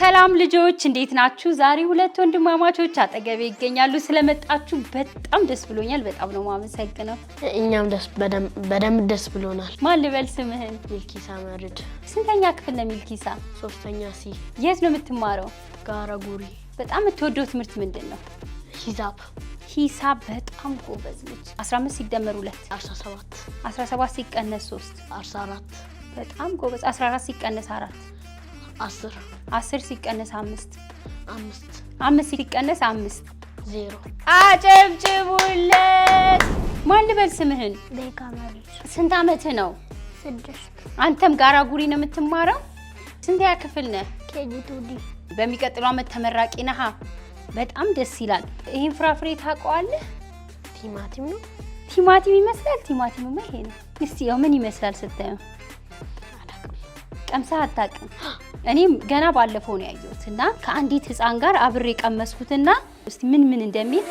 ሰላም ልጆች እንዴት ናችሁ? ዛሬ ሁለት ወንድማማቾች አጠገቤ ይገኛሉ። ስለመጣችሁ በጣም ደስ ብሎኛል። በጣም ነው ማመሰግነው። እኛም በደንብ ደስ ብሎናል። ማን ልበል ስምህን? ሚልኪሳ መርድ። ስንተኛ ክፍል ነው ሚልኪሳ? ሶስተኛ ሲ። የት ነው የምትማረው? ጋራ ጉሪ። በጣም የምትወደው ትምህርት ምንድን ነው? ሂሳብ። ሂሳብ በጣም ጎበዝ ነች። 15 ሲደመር 2 17። 17 ሲቀነስ 3 14። በጣም ጎበዝ። 14 ሲቀነስ 4 10 አስር ሲቀነስ አምስት አምስት አምስት ሲቀነስ አምስት ዜሮ። አጨብጭቡለት። ማን ልበል ስምህን? ስንት አመት ነው? ስድስት። አንተም ጋራ ጉሪ ነው የምትማረው? ስንተኛ ክፍል ነህ? ኬጂ ቱ ዲ። በሚቀጥለው ዓመት ተመራቂ ነሃ። በጣም ደስ ይላል። ይህን ፍራፍሬ ታውቀዋለህ? ቲማቲም ነው። ቲማቲም ይመስላል። ቲማቲምማ ይሄ ነው። እስቲ ያው ምን ይመስላል ስታየው? ቀምሰህ አታውቅም? እኔም ገና ባለፈው ነው ያየሁት እና ከአንዲት ህፃን ጋር አብሬ የቀመስኩትና እስቲ ምን ምን እንደሚል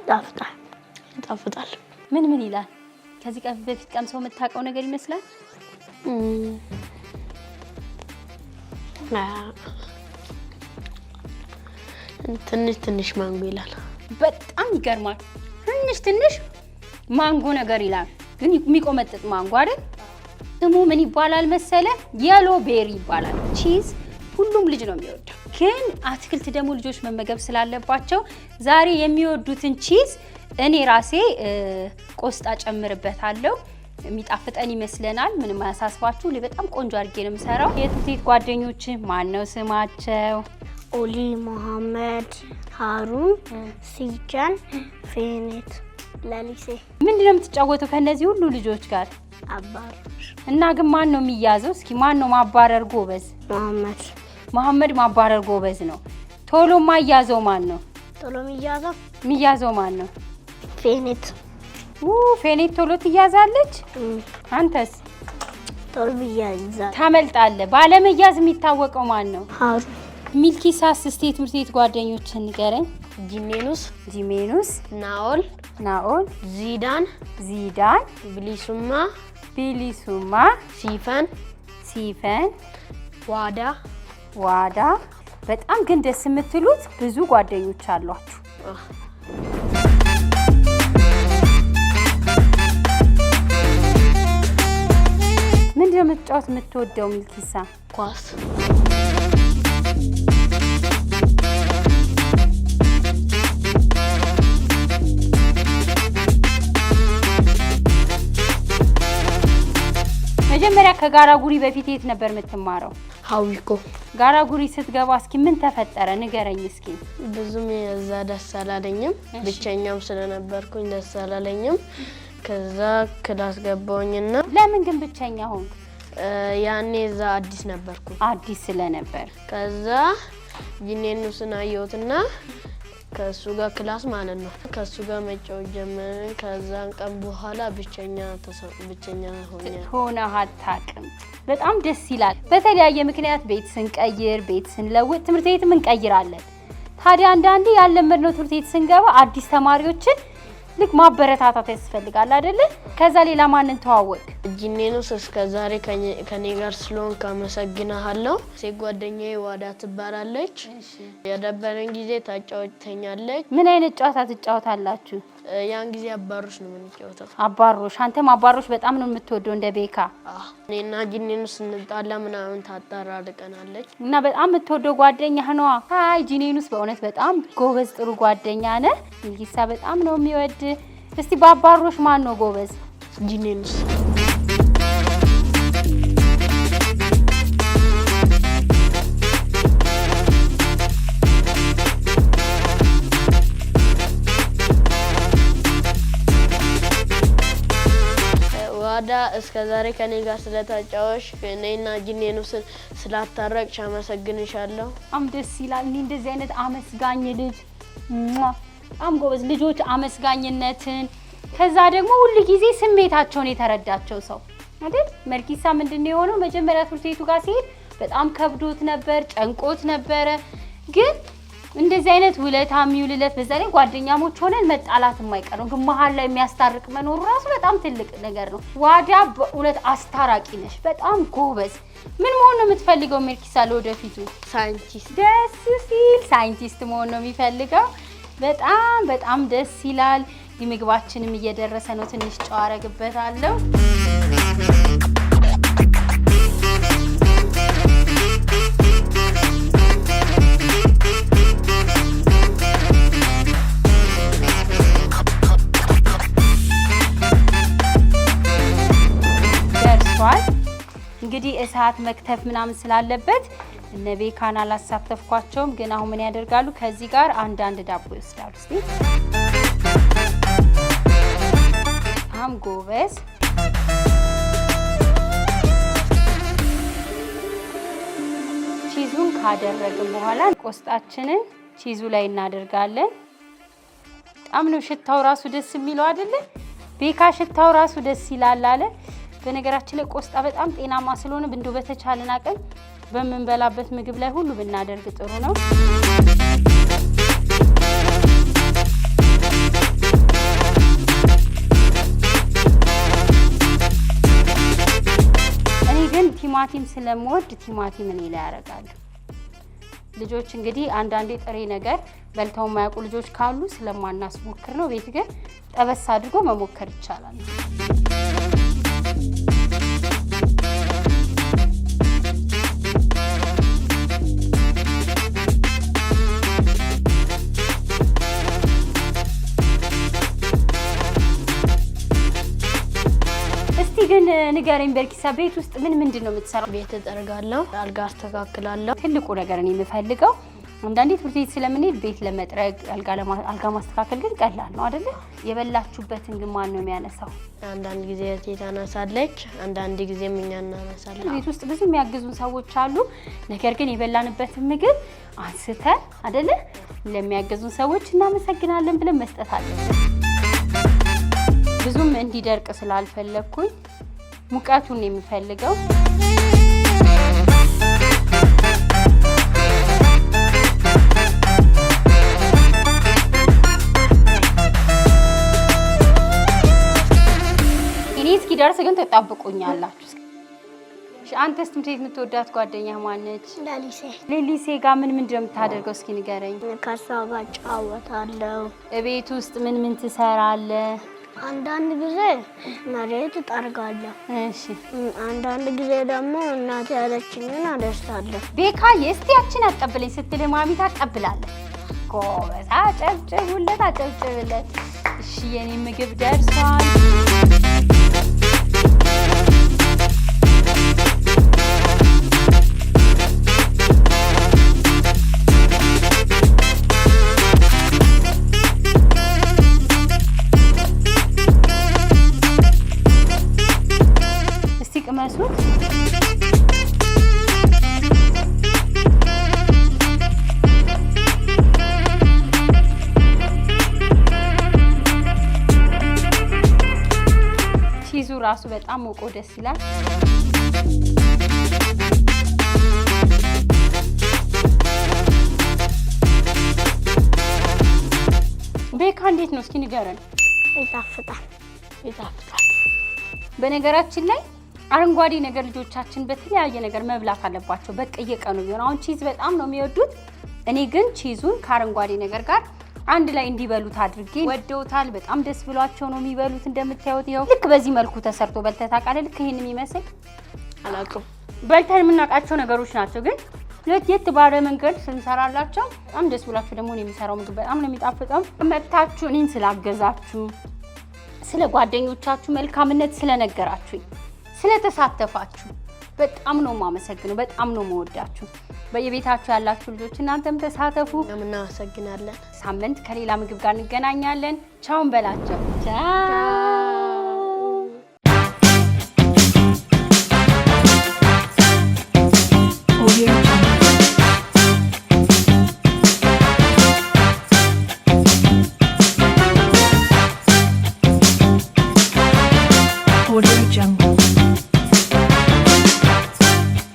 ይጣፍጣል። ይጣፍጣል። ምን ምን ይላል? ከዚህ ቀፍ በፊት ቀምሰው የምታውቀው ነገር ይመስላል? ትንሽ ትንሽ ማንጎ ይላል። በጣም ይገርማል። ትንሽ ትንሽ ማንጎ ነገር ይላል፣ ግን የሚቆመጥጥ ማንጎ አይደል። ስሙ ምን ይባላል መሰለ? የሎ ቤሪ ይባላል። ቺዝ ሁሉም ልጅ ነው የሚወደው፣ ግን አትክልት ደግሞ ልጆች መመገብ ስላለባቸው ዛሬ የሚወዱትን ቺዝ እኔ ራሴ ቆስጣ ጨምርበታለሁ። የሚጣፍጠን ይመስለናል። ምንም አያሳስባችሁ። በጣም ቆንጆ አድርጌ ነው የምሰራው። የትውቴት ጓደኞች ማን ነው ስማቸው? ኦሊ መሐመድ ሀሩን ሲጃን ፌኔት ለሊሴ ምንድን ነው የምትጫወተው ከእነዚህ ሁሉ ልጆች ጋር አባሮች እና ግን ማን ነው የሚያዘው እስኪ ማን ነው ማባረር ጎበዝ መሐመድ መሐመድ ማባረር ጎበዝ ነው ቶሎ ማያዘው ማን ነው ቶሎ የሚያዘው የሚያዘው ማን ነው ፌኔት ፌኔት ቶሎ ትያዛለች አንተስ ቶሎ ትያዛለች ታመልጣለህ ባለመያዝ የሚታወቀው ማን ነው ሀሩን ሚልኪሳስ እስቲ ትምህርት ቤት ጓደኞችን ንገረኝ። ጂሜኑስ ጂሜኑስ፣ ናኦል ናኦል፣ ዚዳን ዚዳን፣ ቢሊሱማ ቢሊሱማ፣ ሲፈን ሲፈን፣ ዋዳ ዋዳ። በጣም ግን ደስ የምትሉት ብዙ ጓደኞች አሏችሁ። ምንድነው መጫወት የምትወደው ሚልኪሳ? ኳስ መጀመሪያ ከጋራ ጉሪ በፊት የት ነበር የምትማረው? ሀዊኮ። ጋራ ጉሪ ስትገባ እስኪ ምን ተፈጠረ ንገረኝ እስኪ። ብዙም የዛ ደስ አላለኝም፣ ብቸኛም ስለነበርኩኝ ደስ አላለኝም። ከዛ ክላስ ገባውኝና። ለምን ግን ብቸኛ ሆንክ? ያኔ እዛ አዲስ ነበርኩ፣ አዲስ ስለነበር። ከዛ ጂኔኑስን አየሁትና ከእሱ ጋር ክላስ ማለት ነው። ከእሱ ጋር መጫወት ጀመረ። ከዛን ቀን በኋላ ብቸኛ ብቸኛ ሆነ አታውቅም። በጣም ደስ ይላል። በተለያየ ምክንያት ቤት ስንቀይር፣ ቤት ስንለውጥ፣ ትምህርት ቤትም እንቀይራለን። ታዲያ አንዳንዴ ያለመድነው ትምህርት ቤት ስንገባ አዲስ ተማሪዎችን ልክ ማበረታታት ያስፈልጋል አይደለ? ከዛ ሌላ ማንን ተዋወቅ እጅኔኑስ እስከ ዛሬ ከኔ ጋር ስለሆን ካመሰግናሃለሁ። ሴት ጓደኛዬ ዋዳ ትባላለች። የደበረን ጊዜ ታጫወተኛለች ምን አይነት ጨዋታ ትጫወታላችሁ? ያን ጊዜ አባሮች ነው የምንጫወተው። አባሮች? አንተም አባሮች በጣም ነው የምትወደው እንደ ቤካ። እኔና ጂኔኑስ ስንጣላ ምናምን ታጠራርቀናለች እና በጣም የምትወደው ጓደኛ ነዋ። አይ ጂኔኑስ በእውነት በጣም ጎበዝ ጥሩ ጓደኛ ነህ። ሚልጊሳ በጣም ነው የሚወድ። እስቲ በአባሮሽ ማን ነው ጎበዝ? ጂኔኑስ እስከ ዛሬ ከኔ ጋር ስለታጫወሽ እኔና ጊኔን ውስን ስላታረቅሽ አመሰግንሻለሁ። በጣም ደስ ይላል። እኔ እንደዚህ አይነት አመስጋኝ ልጅ በጣም ጎበዝ ልጆች አመስጋኝነትን ከዛ ደግሞ ሁሉ ጊዜ ስሜታቸውን የተረዳቸው ሰው አይደል። መልኪሳ ምንድን ነው የሆነው? መጀመሪያ ትምህርት ቤቱ ጋር ሲሄድ በጣም ከብዶት ነበር፣ ጨንቆት ነበረ ግን እንደዚህ አይነት ውለታ የሚውልለት በዛ ላይ ጓደኛሞች ሆነን መጣላት የማይቀር ግን መሀል ላይ የሚያስታርቅ መኖሩ ራሱ በጣም ትልቅ ነገር ነው። ዋዳ በእውነት አስታራቂ ነሽ፣ በጣም ጎበዝ። ምን መሆን ነው የምትፈልገው ሜርኪሳ? ለወደፊቱ ሳይንቲስት። ደስ ሲል ሳይንቲስት መሆን ነው የሚፈልገው። በጣም በጣም ደስ ይላል። ምግባችንም እየደረሰ ነው። ትንሽ ጨው አረግበታለሁ። ሰዓት መክተፍ ምናምን ስላለበት እነ ቤካን አላሳተፍኳቸውም። ግን አሁን ምን ያደርጋሉ? ከዚህ ጋር አንዳንድ ዳቦ ይወስዳሉ። እስቲ አም ጎበዝ። ቺዙን ካደረግን በኋላ ቆስጣችንን ቺዙ ላይ እናደርጋለን። በጣም ነው ሽታው ራሱ ደስ የሚለው አይደለ? ቤካ ሽታው ራሱ ደስ ይላል አለ። በነገራችን ላይ ቆስጣ በጣም ጤናማ ስለሆነ እንደው በተቻለን አቅም በምንበላበት ምግብ ላይ ሁሉ ብናደርግ ጥሩ ነው። እኔ ግን ቲማቲም ስለምወድ ቲማቲም እኔ ላይ ያደርጋለሁ። ልጆች እንግዲህ አንዳንዴ ጥሬ ነገር በልተው የማያውቁ ልጆች ካሉ ስለማናስሞክር ነው። ቤት ግን ጠበስ አድርጎ መሞከር ይቻላል። ንገረኝ በርኪሳ፣ ቤት ውስጥ ምን ምንድን ነው የምትሰራው? ቤት እጠርጋለሁ፣ አልጋ አስተካክላለሁ። ትልቁ ነገር እኔ የምፈልገው አንዳንዴ ትምህርት ቤት ስለምንሄድ ቤት ለመጥረግ አልጋ ማስተካከል ግን ቀላል ነው አደለ? የበላችሁበትን ግን ማን ነው የሚያነሳው? አንዳንድ ጊዜ እህቴ ታነሳለች፣ አንዳንድ ጊዜ እኛ እናነሳለን። ቤት ውስጥ ብዙ የሚያግዙን ሰዎች አሉ። ነገር ግን የበላንበትን ምግብ አንስተን አደለ ለሚያግዙን ሰዎች እናመሰግናለን ብለን መስጠት አለ። ብዙም እንዲደርቅ ስላልፈለግኩኝ ሙቀቱን የሚፈልገው እኔ እስኪደርስ ግን ተጣብቁኛላችሁ። አንተስ ትምህርት ቤት የምትወዳት ጓደኛ ማነች? ሌሊሴ። ሌሊሴ ጋ ምን ምንድን ነው የምታደርገው? እስኪ ንገረኝ። ከሷ ጋር እጫወታለሁ። እቤት ውስጥ ምን ምን ትሰራለህ? አንዳንድ ጊዜ መሬት እጠርጋለሁ። እሺ። አንዳንድ ጊዜ ደግሞ እናቴ ያለችኝን አደርሳለሁ። ቤካዬ እስቲ ያችን አቀብለኝ ስትል ማቢት አቀብላለ ጎበዝ፣ አጨብጭቡለት፣ አጨብጭብለት። እሺ፣ የኔ ምግብ ደርሷል። ቅመሱት። ቺዙ ራሱ በጣም ሞቆ ደስ ይላል። ቤካ እንዴት ነው? እስኪ ንገረን። ይጣፍጣል ይጣፍጣል። በነገራችን ላይ አረንጓዴ ነገር ልጆቻችን በተለያየ ነገር መብላት አለባቸው። በቃ እየቀኑ ቢሆን አሁን ቺዝ በጣም ነው የሚወዱት። እኔ ግን ቺዙን ከአረንጓዴ ነገር ጋር አንድ ላይ እንዲበሉት አድርጌ ወደውታል። በጣም ደስ ብሏቸው ነው የሚበሉት። እንደምታዩት ይኸው ልክ በዚህ መልኩ ተሰርቶ በልተህ ታውቃለህ? ልክ ይሄን የሚመስል አላውቅም። በልተን የምናውቃቸው ነገሮች ናቸው ግን ለየት ባለ መንገድ ስንሰራላቸው በጣም ደስ ብሏቸው ደግሞ የሚሰራው ምግብ በጣም ነው የሚጣፍጠው። መጥታችሁ እኔን ስላገዛችሁ ስለ ጓደኞቻችሁ መልካምነት ስለነገራችሁኝ ስለተሳተፋችሁ በጣም ነው የማመሰግነው። በጣም ነው መወዳችሁ። በየቤታችሁ ያላችሁ ልጆች እናንተም ተሳተፉ። እናመሰግናለን። ሳምንት ከሌላ ምግብ ጋር እንገናኛለን። ቻውን በላቸው።